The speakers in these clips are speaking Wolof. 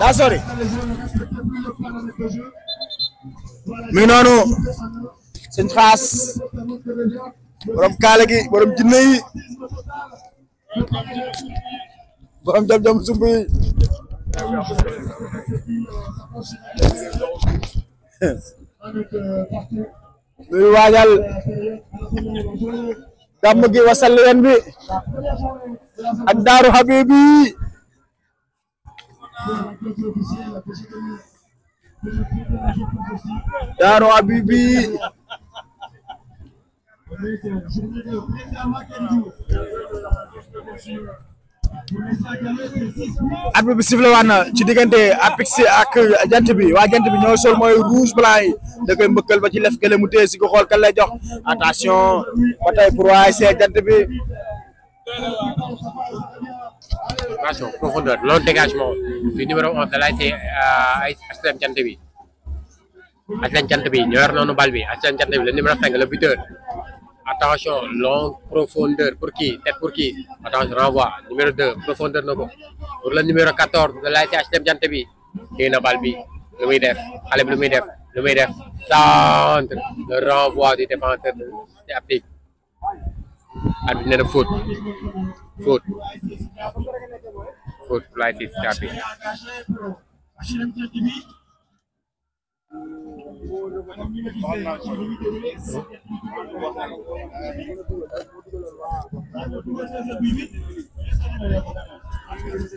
daa ah, sori. mi noonu. sëñ xaas. borom kaala gi borom jinne yi. borom jam-jam sumb yi. nuy waajal gi wasal leen bi ak daaru Habibi Daaru Habibi arbitre bi sifflé waat na ci diggante Apix ak jant bi waa jant bi ñoo sol mooy rouge blanc yi da koy ba ci lef gële mu téye si ko xool kan lay jox attention ba tey pour vibration profondeur loolu dégagement bi numéro 11 da laay see ay HLM jant bi HLM jant bi ñoo yor noonu bal bi HLM jant bi le numéro 5 le buteur attention longue profondeur pour qui tête pour qui attention renvoi numéro 2 profondeur na ko pour le numéro 14 da laay see HLM jant bi téye na bal bi lu muy def xale bi lu muy def lu muy def centre le renvoi du défenseur de applique and another food food Foot life is tapping.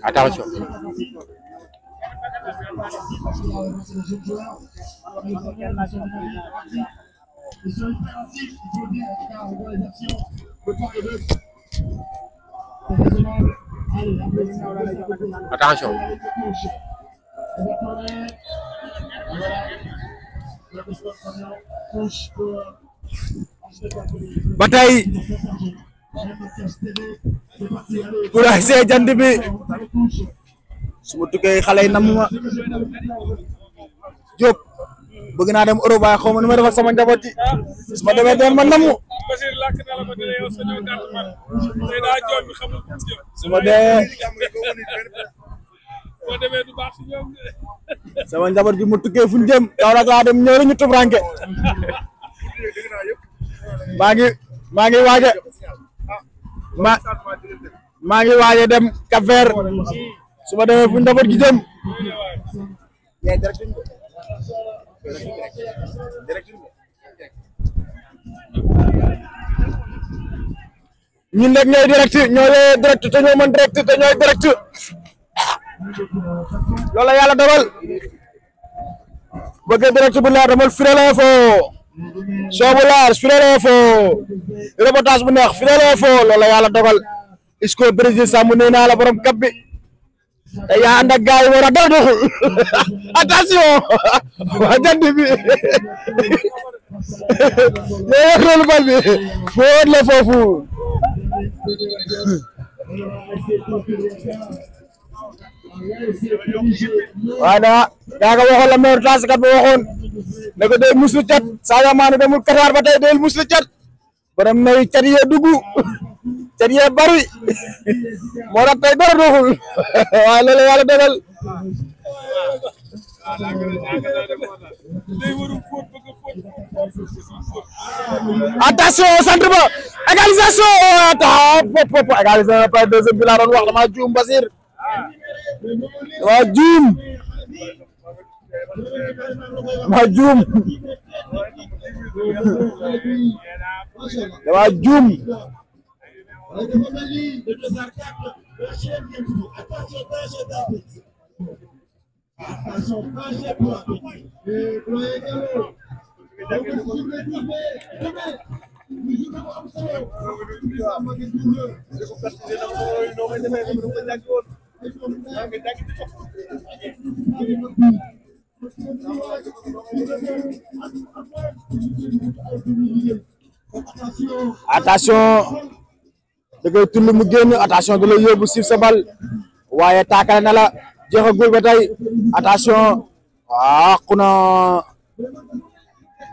Attention. Isso é আঠাশো বাটাই kurang sih jangan bi sebut kayak kalian nama Job, ada orang bawa kau menemui sama jabati, menemukan. Bachir làkk dee boo demee du baax si ñoom njaboot bi mu tukkee fu ñu jëm taw rek laa dem ñëw rek ñu maa ngi maa ngi waaje ma maa ngi waaje dem Cap Vert su ma demee fu njaboot jëm ñu nag ñooy direct ñooy direct te ñoo mën direct te ñooy direct loola yàlla dogal bëgg direct bu leer damal Firi l'info soo bu leer Firi reportage bu neex Firi l'info loola yàlla dogal Isco Brésil sàmm naa la borom kap bi yaa ànd ak war a doy doxul attention waa jant bi léeg-léeg loolu bal bi le foofu. waaye daa daa ko waxoon la meer tas kat ba waxoon ne ko day muslu cat Sadio Mané demul Qatar ba tey day muslu cat borom nay cat yee dugg cat yee bari moo tax tey dara doxul waaye loolu yàlla dogal attention centre ba égalisation oh, taxaw pop pop égalisation deuxième bi laa doon wax dama juum Basir dama juum dama juum attention attention da koy tull mu génn attention da lay yóbbu siif sa bal waaye taakale na la jeexagul ba tey attention ah xuna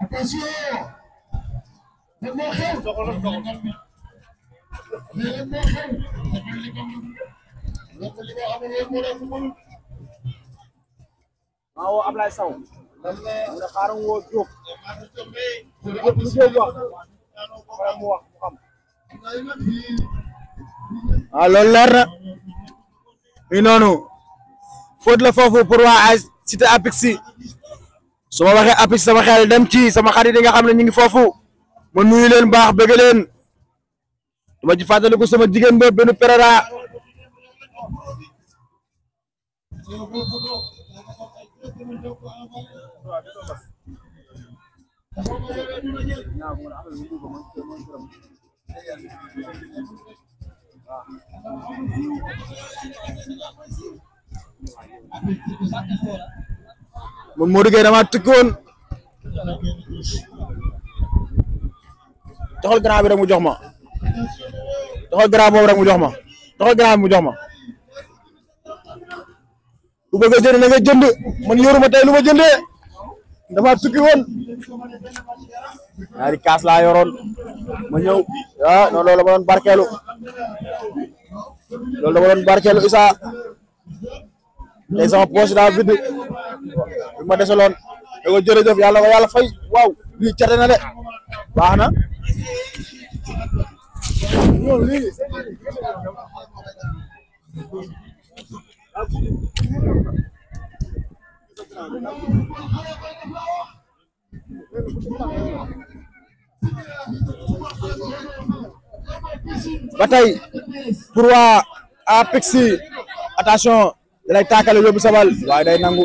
attention lan ah, leer na. mi noonu. faute la foofu pour waa Cité Apixi. suma waxe waxee sama xel dem ci sama xarit yi nga xamne ñi ngi fofu mo nuyu leen baax bëgg leen dama ci fàttaliku sama jigéen ba benn perera man Modou Gueye damaa tukki woon doxal grand bi rek mu jox ma doxal grand boobu rek mu jox ma doxal mu jox ma ku bëgg a jënd na nga man yoruma tey lu ma jëndee damaa woon ñaari kaas laa yoroon ma ñëw waaw ah, non loolu la ma doon barkeelu Issa tey sama ma desaloon da ko jërëjëf yàlla ko yàlla fay waaw lii cate na de baax na pour wa Apexi attention day takale yobu sabal way day nangu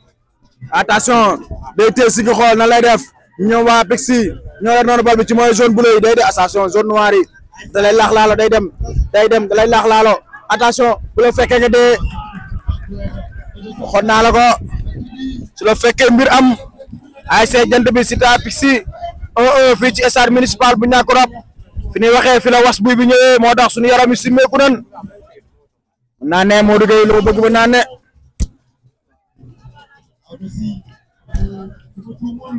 attention day téye si gi na lay def ñoom wa Pixi ñoo la non bal bi ci moy zone bleu yi day def attention zone noire da lay day dem day dem da lay laax laalo attention bu la fekkee nga dee xon na la ko su la mbir am ay bi ci ta Pixi o fi ci stade municipal bu ñak rob fi ni waxee fi la was bu bi ñëwee mo tax suñu yaram nan bëgg ba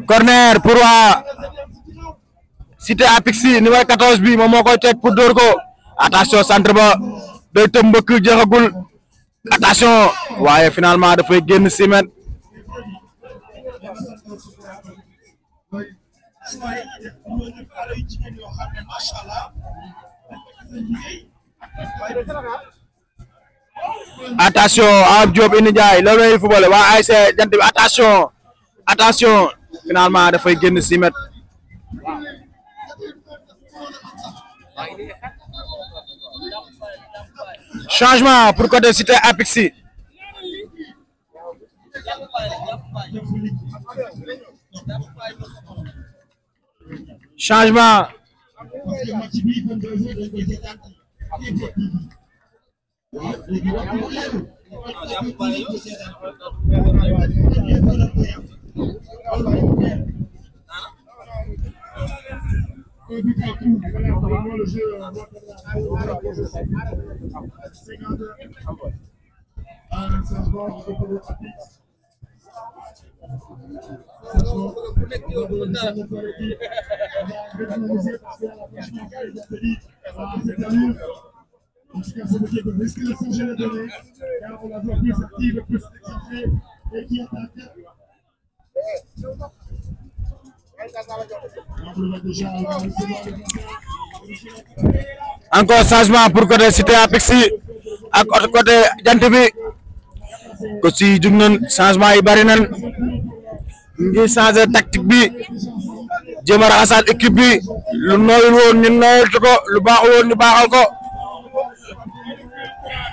corner pour waa Cité Apixi numéro 14 bi moom moo koy teg pour dóor ko attention centre ba day tëb mbëkk jeexagul attention waaye finalement dafay génn simet attention Am Diop Iny jay loolu lay football waa ASC jant bi attention attention finalement da fay génn six mètres changement pour côté cité Apixi changement Je vais J'espère que vous avez compris le sujet de donné, car on pour côté Cité bi ko si jug nañ changement yi bari nañ changer tactique bi jéem a raxasaat équipe bi lu nooyul woon ñu nooyul ko lu baaxul woon ñu baaxal ko.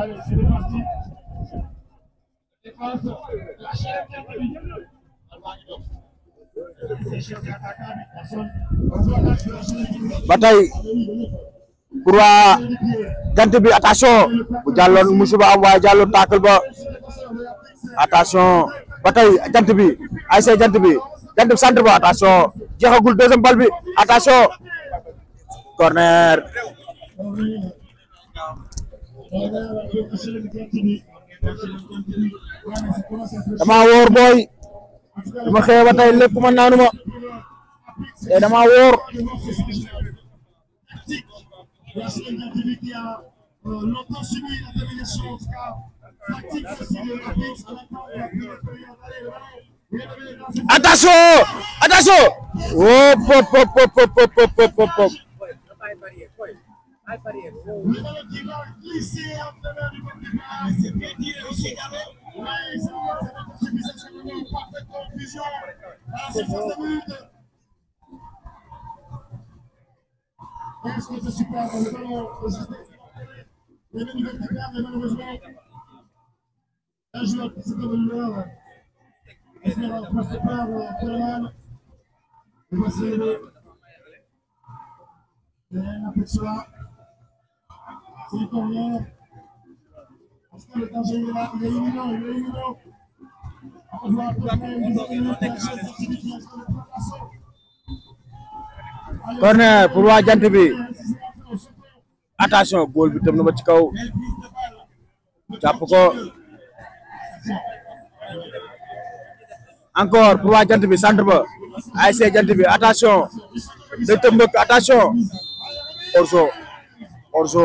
Allez, c'est parti. Défense, jant bi attention bu jàlloon musiba am waaye jàlloon taakal ba ba tey jant bi ay say jant bi jant bi centre ba attention jeexagul deuxième bal bi attention corner dama woor booy dama xeeba tey lépp naanuma te eh, dama woor attention attention oh pop pop pop pop pop pop Ai, parei. Você que que o que vai vai Seton Moore. Euh, Askan jant bi attention góol bi tëm na ba ci kaw jàpp ko encore jant bi centre ba ay jant bi attention day tëm attention orso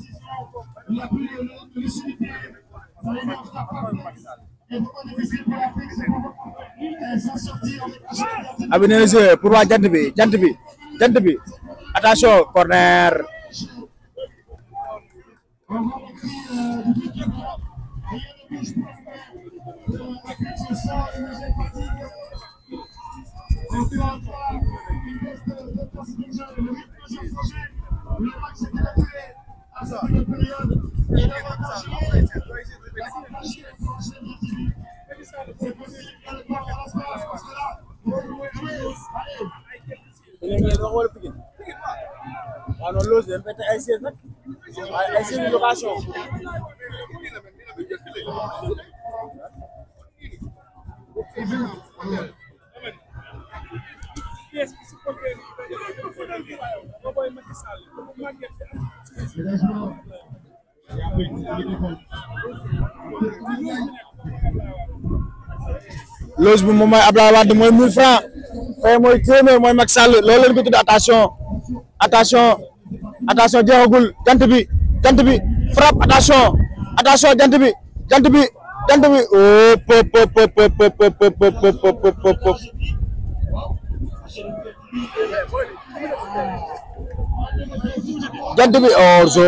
Abine pour wa jant bi jant bi jant bi attention corner waaw non loolu dañ fekk ay siège nag loge bi moom mooy Abdoulaye moy 1000 francs fay moy téeméer moy mak Sall lo leen ko tudd attention attention attention jéxagul jant bi jant bi frappe attention attention jant bi jant bi jant bi oh pop pop pop pop pop pop jant bi orzo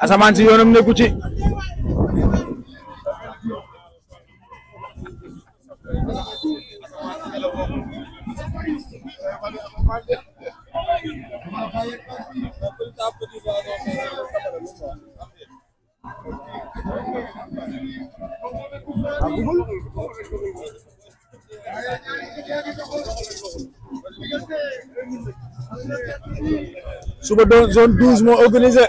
asamaan si yoonam nekku ci Thank you. suba doon zone douze moo organisé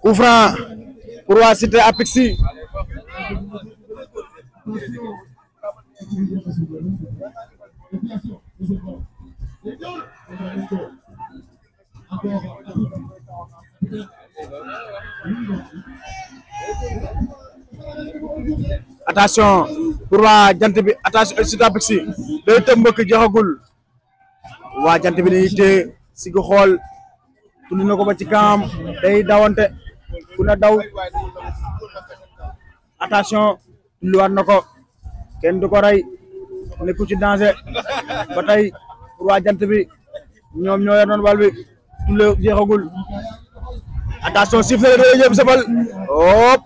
Coup franc pour waa Cité Apixi attention pour waa jant bi attention Siteu ak Pixi day tëb mbëkk jeexagul waa jant bi dañuy téye si gi xool tudd ci kaam daw attention luwaat na ko kenn du ko rey nekku ci danger ba bi ñoom ñoo yor noon wal bi tulle jeexagul attention sifflé la doon jëm sabal hop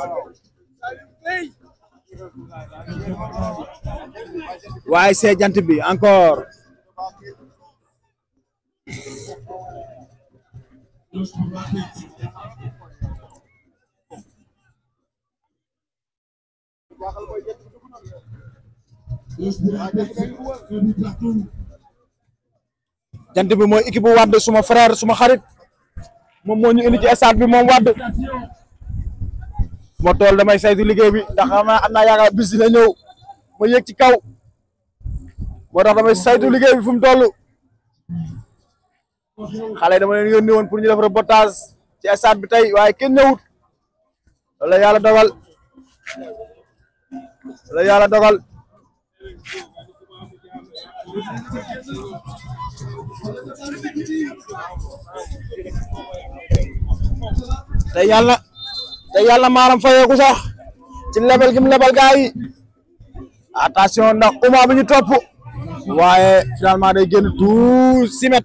hop waaye see jant bi encore jant bi moy équipe wad suma frère suma xarit mom moo ñu indi ci stade bi mom wad ma tool may saytu liggéey bi ndax xam naa am naa yaakaar bis dina ñëw ma ci kaw moo tax damay saytu liggéey bi fum mu toll xale dama leen yónni woon pour ñu def reportage ci stade bi tey waaye ken ñëwut loolu la yàlla dogal loolu la yàlla dogal te yàlla maaram ko sax ci level gi level gaay attention ndax uma bi top waye finalement day genn tout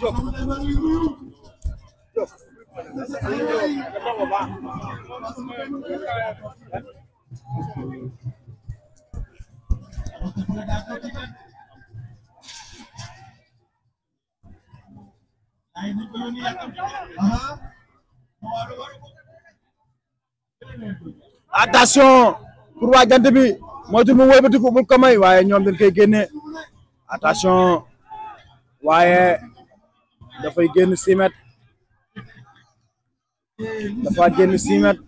Jok attention pour bi moytu mu wëlbatiku mu ko may waaye ñoom dañ koy attention waaye dafay génn six dafa génn six mètres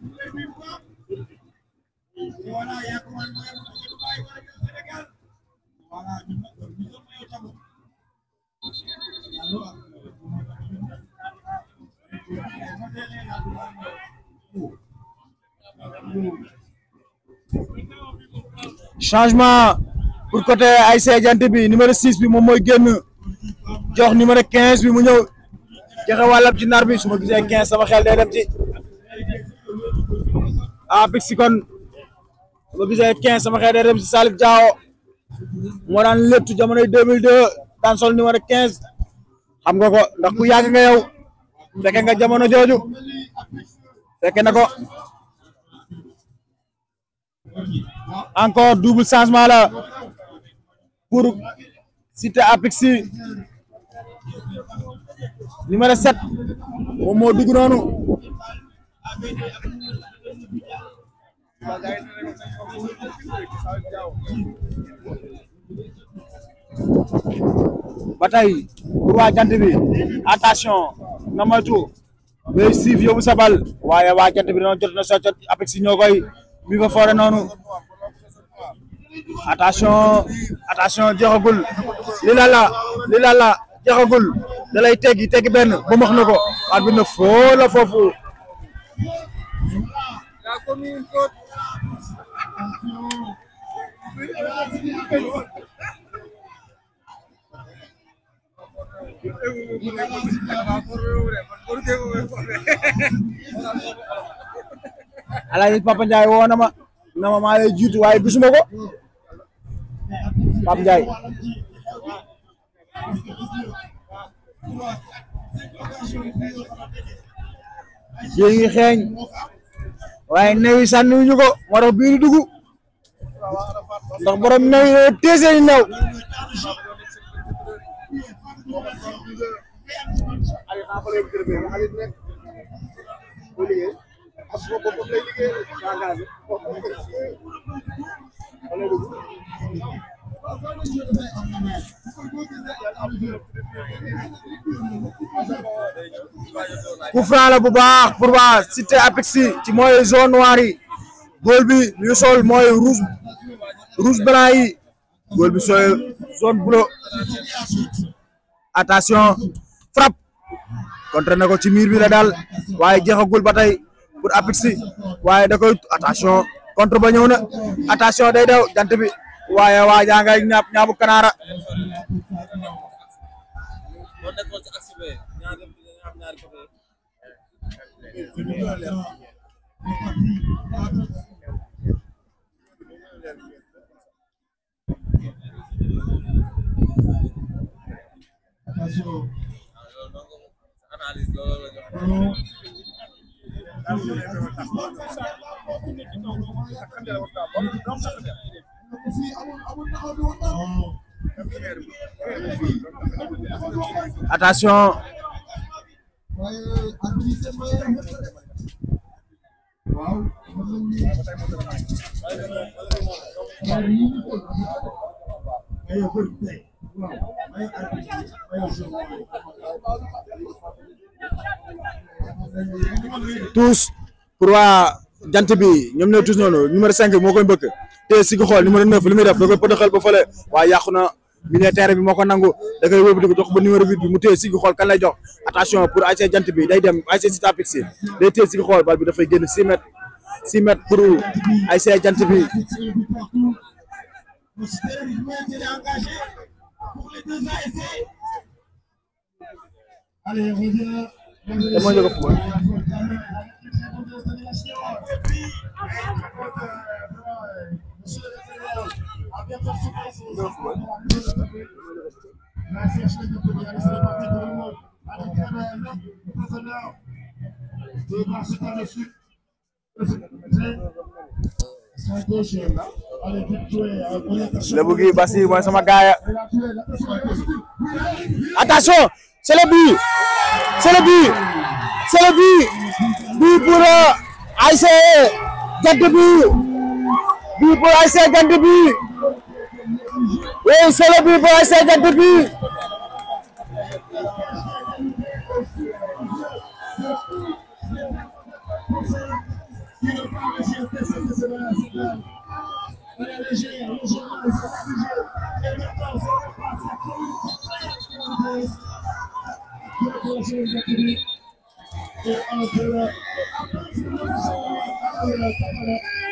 changement pour côté ASC Jant bi numéro six bi moom mooy génn jox numéro quinze bi mu ñëw joxe wàllam ci nar bi su ma quinze sama xel day dem ci ah Pixi kon su ma gisee quinze sama xel day dem ci Salif Diao moo daan léttu deux mille deux daan sol quinze xam nga ko ndax ku yàgg nga yow fekke nga jamono jooju fekke na ko encore double changement la pour Cité à Pixi numéro 7 moom moo dugg noonu ba tey pour waa jant bi attention na moytu day siif yóbbu sa bal waaye waa jant bi noonu jot na soccot apex si ñoo jaxagul da lay teggi benn ba na ko at bi na foo la foofu Alaaji Papa Ndiaye woo na ma na ma maa lay jiitu waaye gisuma ko parce ngi xeeñ waaye new yi sànniwuñu ko moo tax biir dugg ndax borom new yi tee new coup franc la bu baax pour waa Cité Apix ci mooy zone noire yi góol bi ñu sol mooy rouge rouge zone bleu attention frappe contre na ko ci miir bi la daal waaye jeexagul ba tey pour Apix waaye koy attention contre ba ñëw na attention day waaye waa jaa ngay ñaap ñaabu kanaara attention tous pour waa jant bi ñoom ñoo tous noonu numéro te si nga xool numéro 9 li muy def da koy pëdëxal ba fële waaye yàqu na milieu terrain bi moo ko da koy wëb ko jox ba numéro 8 bi mu téye si nga xool kan lay jox attention pour ASC jant bi day dem ASC si tapix si day téye si bal bi 6 mètres 6 mètres pour jant bi Allez, on Lebu gi Basi mooy sama gaaya attention c'est le but c'est le but c'est le but but pour euh, ASC Gadebu e, people I say can to be. Hey, solo people I say can to be. Thank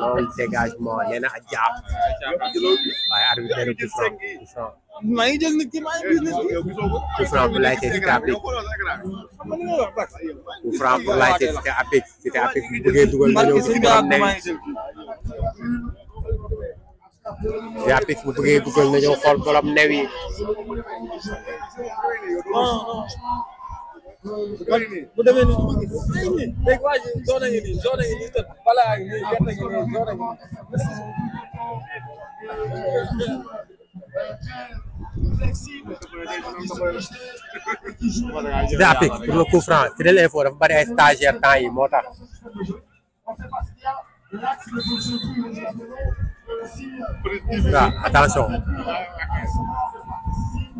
loolu dégagement nee na a jaab waaye arbitre bi tout franc tout franc maa ngi jël nit ki maa ngi gis nit ki tout franc pour laajte si te applique tout franc bu bëggee dugal nga ñëw si borom ne bu bëggee dugal nga ñëw xool borom new yi ah, ah. mu demee nii léegi waa ji zone yi nii zone yi nii morta balaa yi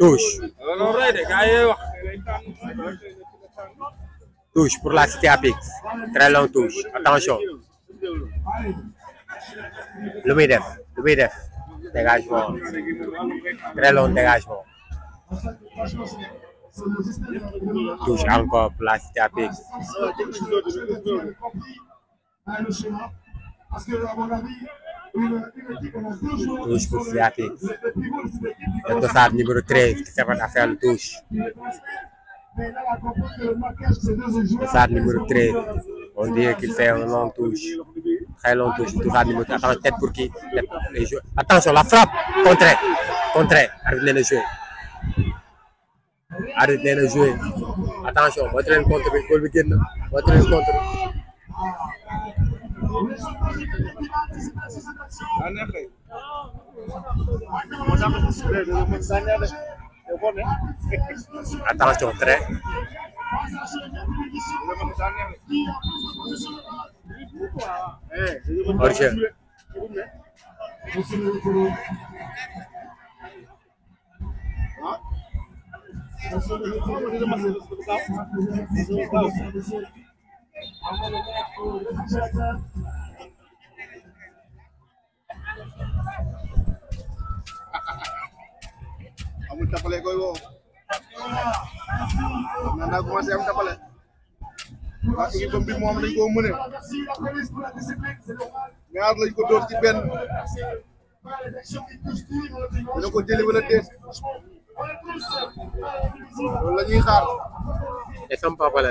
Touche. Touche pour la cité Très long touche. Attention. lumidef Lumidef. dégagement très long dégagement touche encore pour mon avis, Tush por Fiat. Eu o sabe, número 3, que serve na fé do Tush. Sabe, número 3. Um dia que fez um long Tush. Très long Tush, tu sabe, número 3. Até Attends, peut-être pour qui Attention, la frappe Contré Contré Arrêtez le jeu. Arrêtez le jeu. Attention, votre rencontre, contre. Votre rencontre. ada telepon ya. Atau cokre. amul tapale koy woo na naa commencé am tapale waa bi moom dañ koo mëne ñaar lañ ko dóor ci benn dina ko jëli wala déet loolu la ñuy xaar. et sama papa la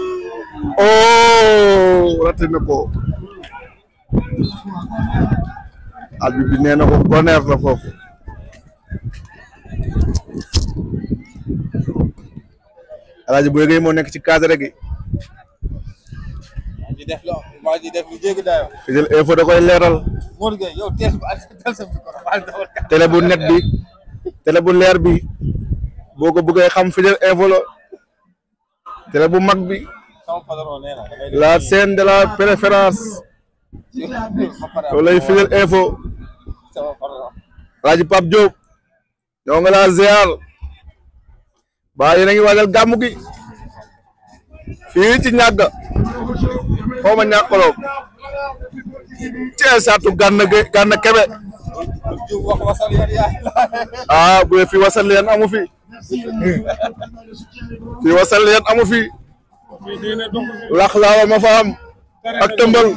oh raté na ko arbitre bi nee ko goneer na foofu alaaji Boy ci cadre gi def lo ma di def lu jéggi dayo fidel info da koy leeral Mor Gueye yow teel sa bu net bi télé bu leer bi boo ko xam fidel info la bu mag bi la scène de la préférence wala Fidèle Info Alaaji Pape Diop ñoo nga laa ziar ba ngi waajal gàmmu gi fii ci ñàgg xaw ma ñàkkaloo ci saatu gànn gànn kebe ah bu dee fii wasal leen amu fi fii wasal leen amu fi lax laawa ma fa am ak tëmbal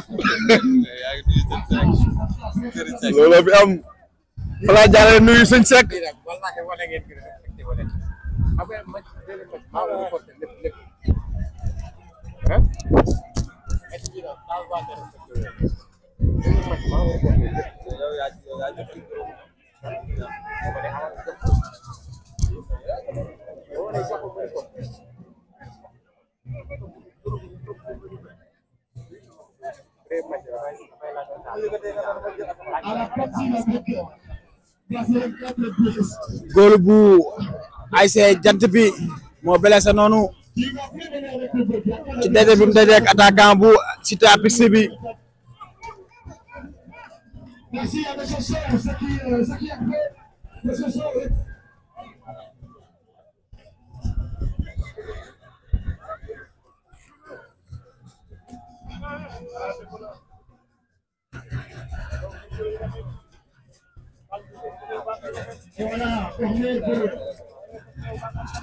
loolu fi am fala jaaree nuyu sëñ Seck góol bu ay jant bi moo blessé noonu ci déedéet bu Cité APEX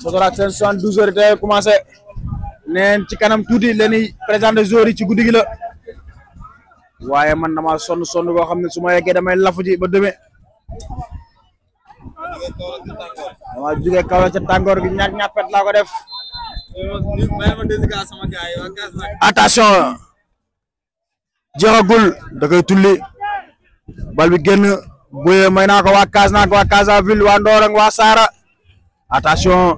Sokoraak seen soixante douze heures tey commencé neen ci kanam tuuti leen di présenté yi ci guddi gi la waaye man dama sonn sonn boo xam ne su ma yeggee damay lafu ba demee dama jugee kaw ca tàngoor gi ñàkk ñàppet laa ko def attention jeexagul da koy tulli bal bi génn may naa ko waa Kasnack waa Casaville waa Ndorong waa Saara attention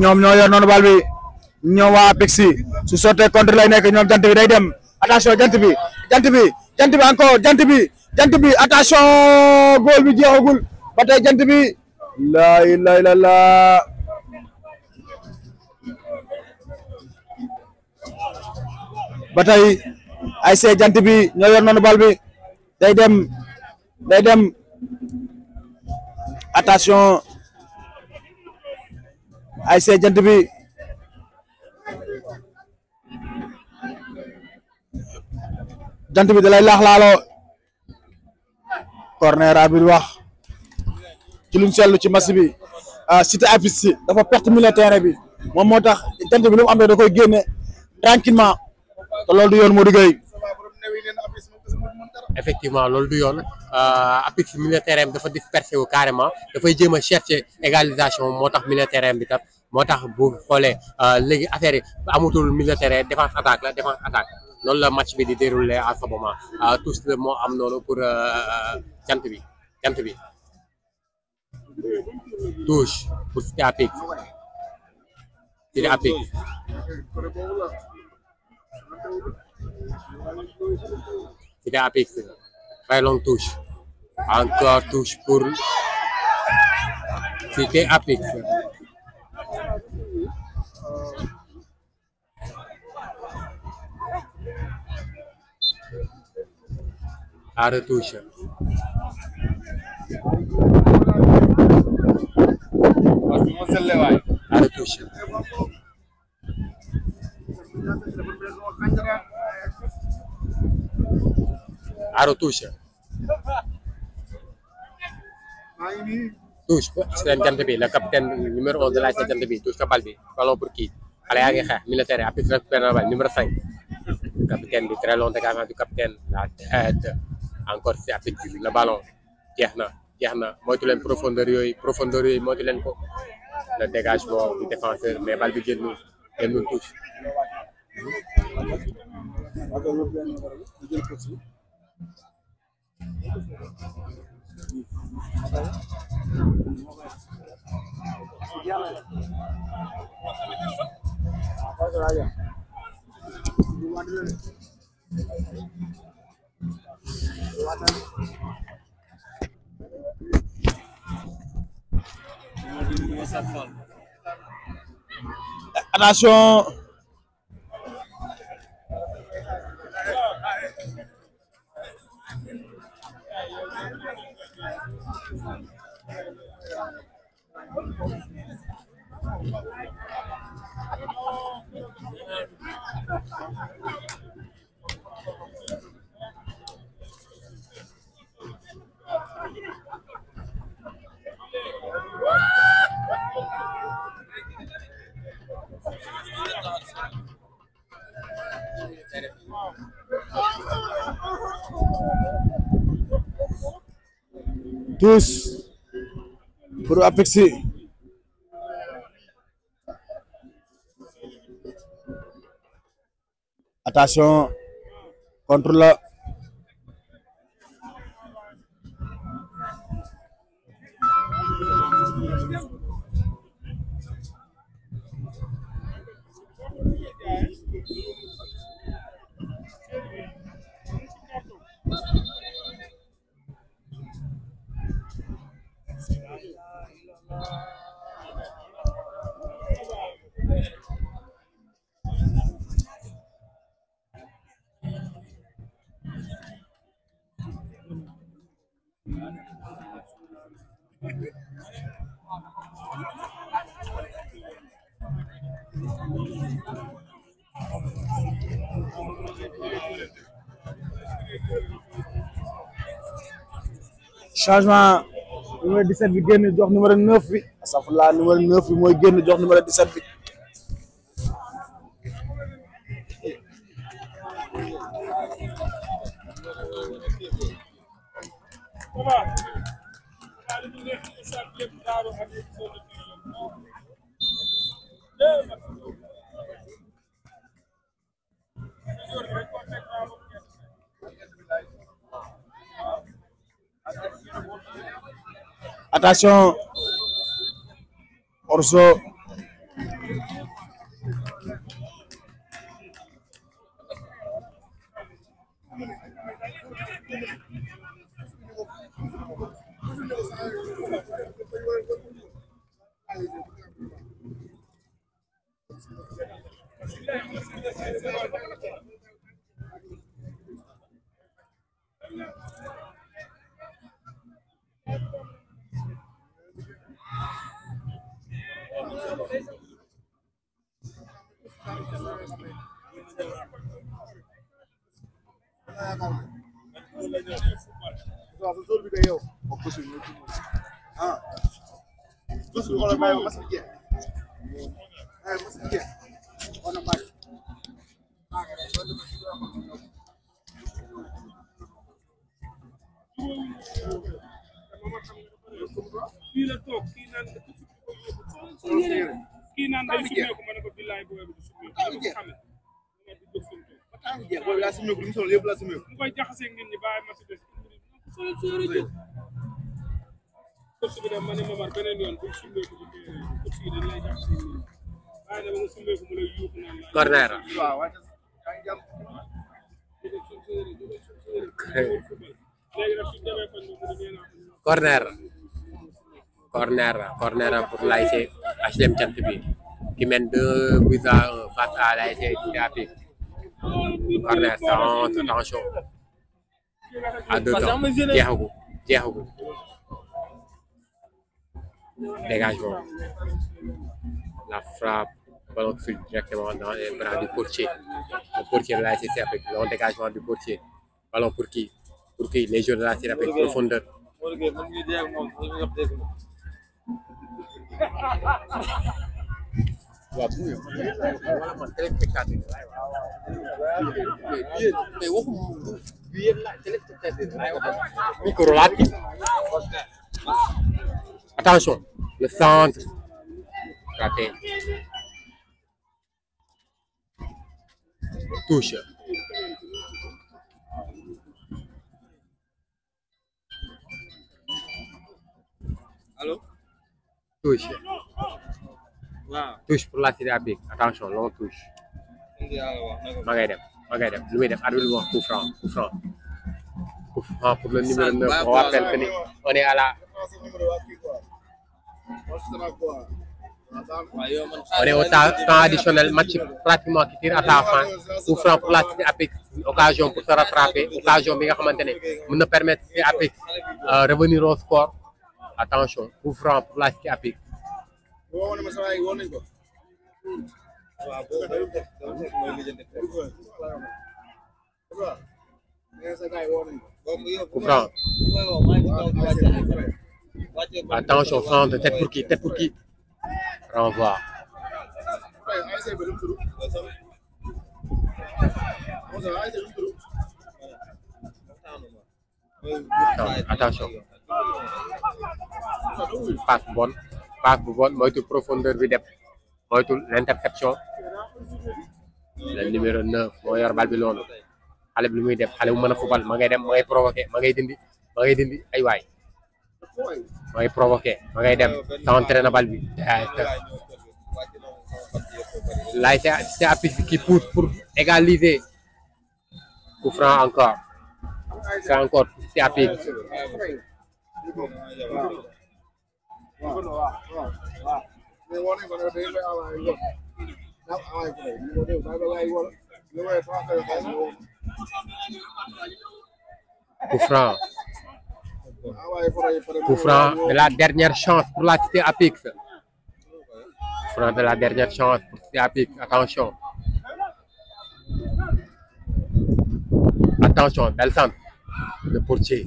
ñoom ñoo yor noonu ñoom waa Apexi su sottee contre lay nekk ñoom jant bi day dem attention jant bi jant bi jant bi encore jant bi jant bi attention góol bi jeexagul ba tey ay ASC jant bi ñoo bal bi day dem day dem attention ASC jant bi jant bi dalay lay laax laaloo corner bi wax ci luñ seetlu ci match bi ah, Cité APS dafa perte milieu terrain bi moom moo tax jant bi lu mu am da koy génne tranquillement te du yoon Modou Gueye effectivement loolu du yoon euh, APIX militaire dafa dispersé wu carrément dafay jéem a chercher égalisation moo tax militaire bi tam moo tax bu xoolee euh, léegi affaire yi amatul militaire défense attaque la défense attaque noonu la match bi di déroulé à ce moment euh, tous le moo am noonu pour jant bi jant bi touche pour APIX ci APIX Tidak habis. Pelong tush. Angka tush pur. Tidak habis. ada tush. Ada a elevar. Aro tush. Tush, ya. selain jam kapten nomor onze lah jam tush kapal bi, kalau pergi. Kalau yang kah, militer, api kerap kenapa nomor lima. Kapten di terlalu untuk kapten nah, eh, lah encore si di balon, ya na, ya na, mau tulen profondeur yoi, profondeur yoi kok. Le dégagement du défenseur, mais balle bi jël nous, et nous attention attention contre changement numéro 17 bi génn jox numéro 9 bi astaghfirullah numéro 9 bi moy génn jox numéro 17 bi Attention. Orso. kii la toog kii naan kii naan day summeeku ma ne ko billaay booy bi summeeku a jóg corner la corner pour l'ASC HLM Thiam qui mène deux buts à 1 face à l'ASC Guirassy corner sans tension à deux temps jeexagul jeexagul dégagement la frappe ballon file directement dans les bras du portier le portier de l'ASC avec le dégagement du portier ballon pour qui pour qui les joueurs de l'ASC avec profondeur waaw bu ñu wala man téléspectateur laay wax mais waxuma bi yéen la téléspectateur laay wax micro laat bi attention le centre raté touche touche. Wow. touche pour la Serie attention long touche. ma ngay dem ma ngay dem lu coup franc coup franc. pour le numéro 9 on rappelle que on est à la. On est au temps additionnel, match pratiquement qui tire à sa fin. Coup franc pour la Cité occasion pour se rattraper, occasion qui nous permettre de euh, revenir au score attention couvrant, place qui a Cité Attention, franc de tête pour qui Tête pour qui Renvoi. Attention. passe bu bon passe bu bon moytul profondeur bi dem moytul l'interception le numéro 9 moo bal bi loolu xale bi lu muy def xale bu mën a fubal ma ngay dem ma ngay provoqué ma ngay dindi ma ngay ay waay ma ngay ngay dem centré na bal bi laay c'est appui qui pousse pour égaliser coup franc encore c'est encore c'est appui Koufran. Koufran de la dernière chance pour la cité Apix. Koufran de la dernière chance pour la cité Apix. Attention. Attention, Belle Le portier.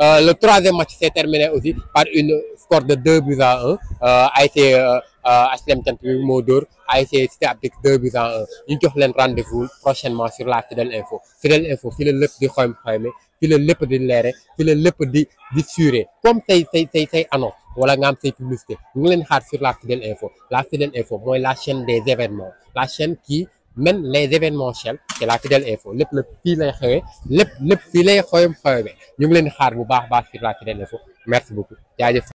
Euh, le troisième match s'est terminé aussi par une score de 2 buts à 1. Euh, ASC HLM euh, Tianpi moo Cité Apix 2 buts à 1 Nous vous donnons rendez-vous prochainement sur la Fidèle Info Fidèle Info fi la lépp di xoym c'est fi la lépp c'est c'est, fi la di comme c'est c'est c'est c'est annonce wala nga am publicité Nous sur la Fidèle Info la Fidèle Info moi, la chaîne des événements la chaîne qui même les événementiels c'est la Fidèle Info lépp la fii lay xewee lépp lépp fii lay xooyam xewee ñu ngi leen xaar bu baax baax fi la Fidèle Info merci beaucoup jaajëf